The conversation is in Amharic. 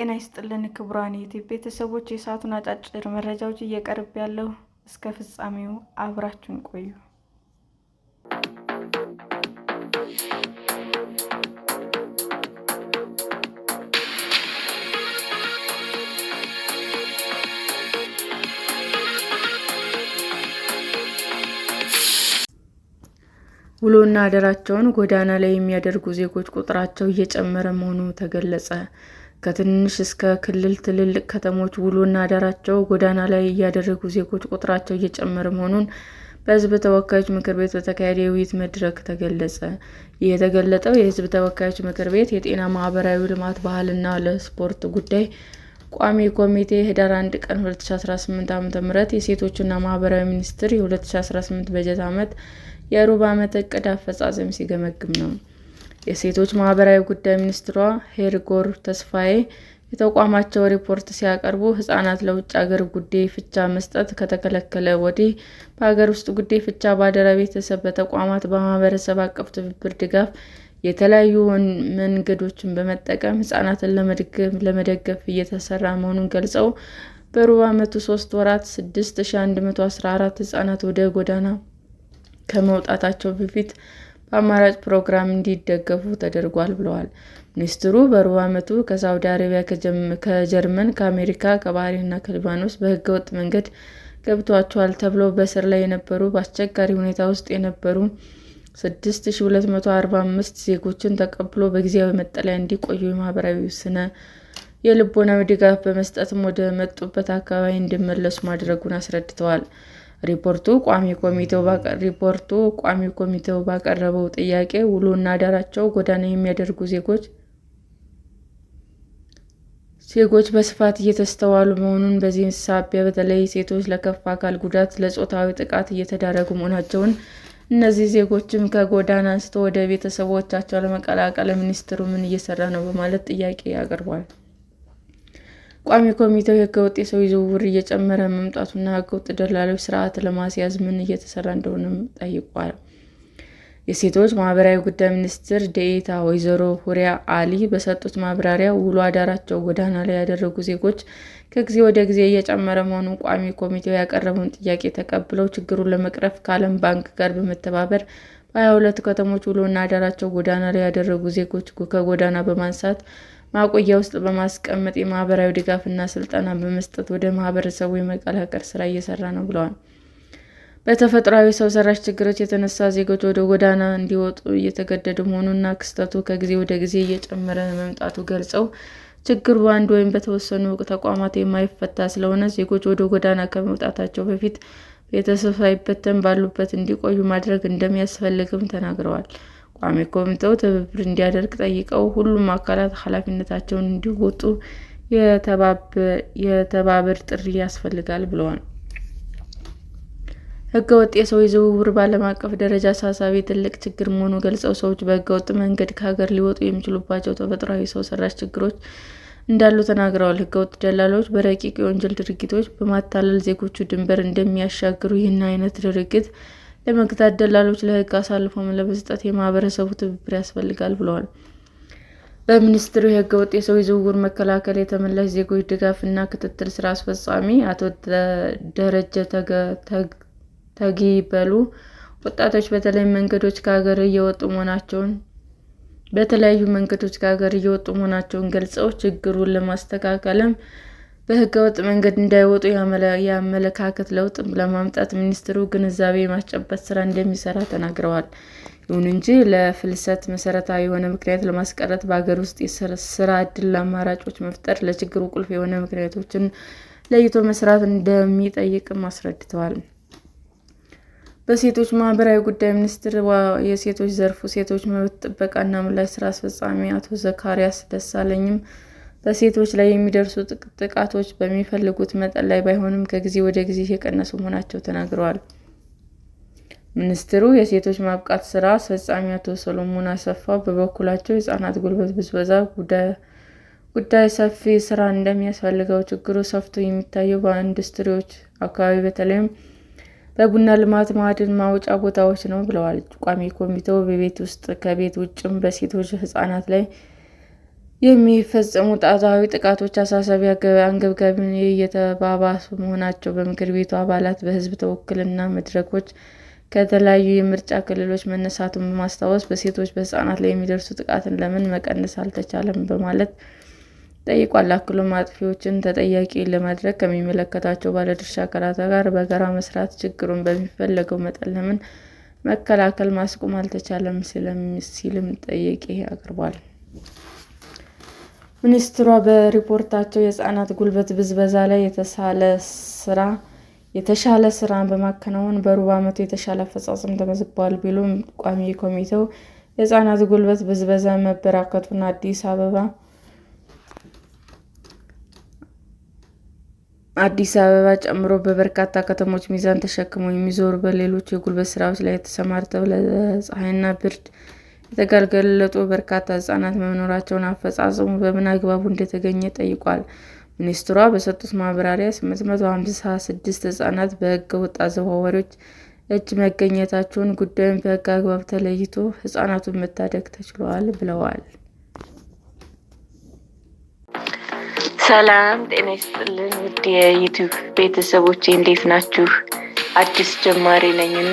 ጤና ይስጥልን ክቡራን ዩቲዩብ ቤተሰቦች፣ የሰዓቱን አጫጭር መረጃዎች እየቀርብ ያለው እስከ ፍጻሜው አብራችን ቆዩ። ውሎና አደራቸውን ጎዳና ላይ የሚያደርጉ ዜጎች ቁጥራቸው እየጨመረ መሆኑ ተገለጸ። ከትንሽ እስከ ክልል ትልልቅ ከተሞች ውሎና አዳራቸው ጎዳና ላይ እያደረጉ ዜጎች ቁጥራቸው እየጨመረ መሆኑን በሕዝብ ተወካዮች ምክር ቤት በተካሄደ የውይይት መድረክ ተገለጸ። ይህ የተገለጠው የሕዝብ ተወካዮች ምክር ቤት የጤና፣ ማህበራዊ ልማት፣ ባህልና ለስፖርት ጉዳይ ቋሚ ኮሚቴ ህዳር 1 ቀን 2018 ዓ.ም የሴቶችና ማህበራዊ ሚኒስቴር የ2018 በጀት ዓመት የሩብ ዓመት ዕቅድ አፈጻጸም ሲገመግም ነው። የሴቶች ማህበራዊ ጉዳይ ሚኒስትሯ ሄርጎር ተስፋዬ የተቋማቸው ሪፖርት ሲያቀርቡ ሕፃናት ለውጭ ሀገር ጉዴ ፍቻ መስጠት ከተከለከለ ወዲህ በሀገር ውስጥ ጉዴ ፍቻ በአደራ ቤተሰብ፣ በተቋማት፣ በማህበረሰብ አቀፍ ትብብር ድጋፍ የተለያዩ መንገዶችን በመጠቀም ሕፃናትን ለመደገፍ እየተሰራ መሆኑን ገልጸው በሩብ ዓመቱ ሶስት ወራት 6114 ሕፃናት ወደ ጎዳና ከመውጣታቸው በፊት በአማራጭ ፕሮግራም እንዲደገፉ ተደርጓል ብለዋል። ሚኒስትሩ በሩብ ዓመቱ ከሳውዲ አረቢያ፣ ከጀርመን፣ ከአሜሪካ፣ ከባሕሬንና ከሊባኖስ በህገ ወጥ መንገድ ገብቷቸዋል ተብለው በእስር ላይ የነበሩ በአስቸጋሪ ሁኔታ ውስጥ የነበሩ 6245 ዜጎችን ተቀብሎ በጊዜያዊ መጠለያ እንዲቆዩ የማህበራዊ ስነ የልቦናዊ ድጋፍ በመስጠትም ወደ መጡበት አካባቢ እንዲመለሱ ማድረጉን አስረድተዋል። ሪፖርቱ ቋሚ ኮሚቴው ሪፖርቱ ቋሚ ኮሚቴው ባቀረበው ጥያቄ ውሎና አዳራቸው ጎዳና የሚያደርጉ ዜጎች ዜጎች በስፋት እየተስተዋሉ መሆኑን በዚህ ሳቢያ በተለይ ሴቶች ለከፋ አካል ጉዳት፣ ለጾታዊ ጥቃት እየተዳረጉ መሆናቸውን እነዚህ ዜጎችም ከጎዳና አንስቶ ወደ ቤተሰቦቻቸው ለመቀላቀል ሚኒስቴሩ ምን እየሰራ ነው? በማለት ጥያቄ አቅርቧል። ቋሚ ኮሚቴው ህገወጥ የሰው ዝውውር እየጨመረ መምጣቱና ህገወጥ ደላሎች ስርዓት ለማስያዝ ምን እየተሰራ እንደሆነም ጠይቋል። የሴቶች ማህበራዊ ጉዳይ ሚኒስትር ዴኤታ ወይዘሮ ሁሪያ አሊ በሰጡት ማብራሪያ ውሎ አዳራቸው ጎዳና ላይ ያደረጉ ዜጎች ከጊዜ ወደ ጊዜ እየጨመረ መሆኑን ቋሚ ኮሚቴው ያቀረበውን ጥያቄ ተቀብለው ችግሩን ለመቅረፍ ከዓለም ባንክ ጋር በመተባበር በ ሁለት ከተሞች ውሎና አዳራቸው ጎዳና ላይ ያደረጉ ዜጎች ከጎዳና በማንሳት ማቆያ ውስጥ በማስቀመጥ የማህበራዊ ድጋፍና ስልጠና በመስጠት ወደ ማህበረሰቡ የመቀላቀል ስራ እየሰራ ነው ብለዋል። በተፈጥሯዊ ሰው ሰራሽ ችግሮች የተነሳ ዜጎች ወደ ጎዳና እንዲወጡ እየተገደዱ መሆኑና ክስተቱ ከጊዜ ወደ ጊዜ እየጨመረ መምጣቱ ገልጸው ችግሩ በአንድ ወይም በተወሰኑ ተቋማት የማይፈታ ስለሆነ ዜጎች ወደ ጎዳና ከመውጣታቸው በፊት ቤተሰብ ሳይበተን ባሉበት እንዲቆዩ ማድረግ እንደሚያስፈልግም ተናግረዋል። ቋሚ ኮሚቴው ትብብር እንዲያደርግ ጠይቀው ሁሉም አካላት ኃላፊነታቸውን እንዲወጡ የተባበር ጥሪ ያስፈልጋል ብለዋል። ወጥ የሰው ዝውውር በዓለም አቀፍ ደረጃ አሳሳቢ ትልቅ ችግር መሆኑ ገልጸው ሰዎች ወጥ መንገድ ከሀገር ሊወጡ የሚችሉባቸው ተፈጥሯዊ ሰው ሰራሽ ችግሮች እንዳሉ ተናግረዋል። ወጥ ደላሎች በረቂቅ የወንጀል ድርጊቶች በማታለል ዜጎቹ ድንበር እንደሚያሻግሩ ይህን አይነት ድርጊት ለመግታት ደላሎች ለህግ አሳልፎ ለመስጠት የማህበረሰቡ ትብብር ያስፈልጋል ብለዋል። በሚኒስትሩ የህገ ወጥ የሰው ዝውውር መከላከል የተመላሽ ዜጎች ድጋፍና ክትትል ስራ አስፈጻሚ አቶ ደረጀ ተጊበሉ ወጣቶች በተለያዩ መንገዶች ከሀገር እየወጡ መሆናቸውን በተለያዩ መንገዶች ከሀገር እየወጡ መሆናቸውን ገልጸው ችግሩን ለማስተካከልም በህገወጥ መንገድ እንዳይወጡ የአመለካከት ለውጥ ለማምጣት ሚኒስትሩ ግንዛቤ የማስጨበጥ ስራ እንደሚሰራ ተናግረዋል። ይሁን እንጂ ለፍልሰት መሰረታዊ የሆነ ምክንያት ለማስቀረት በሀገር ውስጥ የስራ እድል አማራጮች መፍጠር፣ ለችግሩ ቁልፍ የሆነ ምክንያቶችን ለይቶ መስራት እንደሚጠይቅም አስረድተዋል። በሴቶች ማህበራዊ ጉዳይ ሚኒስቴር የሴቶች ዘርፉ ሴቶች መብት ጥበቃና ምላሽ ስራ አስፈጻሚ አቶ ዘካሪያስ ደሳለኝም በሴቶች ላይ የሚደርሱ ጥቃቶች በሚፈልጉት መጠን ላይ ባይሆንም ከጊዜ ወደ ጊዜ የቀነሱ መሆናቸው ተናግረዋል። ሚኒስትሩ የሴቶች ማብቃት ሥራ አስፈጻሚ አቶ ሰሎሞን አሰፋ በበኩላቸው የህጻናት ጉልበት ብዝበዛ ጉዳይ ሰፊ ስራ እንደሚያስፈልገው፣ ችግሩ ሰፍቶ የሚታየው በኢንዱስትሪዎች አካባቢ በተለይም በቡና ልማት ማዕድን ማውጫ ቦታዎች ነው ብለዋል። ቋሚ ኮሚቴው በቤት ውስጥ ከቤት ውጭም በሴቶች ህጻናት ላይ የሚፈጸሙ ጾታዊ ጥቃቶች አሳሳቢ፣ አንገብጋቢ እየተባባሱ መሆናቸው በምክር ቤቱ አባላት በሕዝብ ተወክልና መድረኮች ከተለያዩ የምርጫ ክልሎች መነሳቱን በማስታወስ በሴቶች፣ በሕፃናት ላይ የሚደርሱ ጥቃትን ለምን መቀነስ አልተቻለም በማለት ጠይቋል። አክሎም አጥፊዎችን ተጠያቂ ለማድረግ ከሚመለከታቸው ባለድርሻ አካላት ጋር በጋራ መስራት፣ ችግሩን በሚፈለገው መጠን ለምን መከላከል ማስቆም አልተቻለም ሲልም ጥያቄ አቅርቧል። ሚኒስትሯ በሪፖርታቸው የህጻናት ጉልበት ብዝበዛ ላይ የተሳለ ስራ የተሻለ ስራ በማከናወን በሩብ ዓመቱ የተሻለ አፈጻጸም ተመዝግቧል ቢሉም፣ ቋሚ ኮሚቴው የህጻናት ጉልበት ብዝበዛ መበራከቱን አዲስ አበባ አዲስ አበባ ጨምሮ በበርካታ ከተሞች ሚዛን ተሸክመው የሚዞሩ በሌሎች የጉልበት ስራዎች ላይ ተሰማርተው ለፀሐይና ብርድ የተጋለጡ በርካታ ህጻናት መኖራቸውን አፈጻጸሙ በምን አግባቡ እንደተገኘ ጠይቋል። ሚኒስትሯ በሰጡት ማብራሪያ 856 ህጻናት በሕገ ወጥ አዘዋዋሪዎች እጅ መገኘታቸውን፣ ጉዳዩን በህግ አግባብ ተለይቶ ህጻናቱን መታደግ ተችሏል ብለዋል። ሰላም ጤና ይስጥልን ውድ የዩቲዩብ ቤተሰቦች እንዴት ናችሁ? አዲስ ጀማሪ ነኝና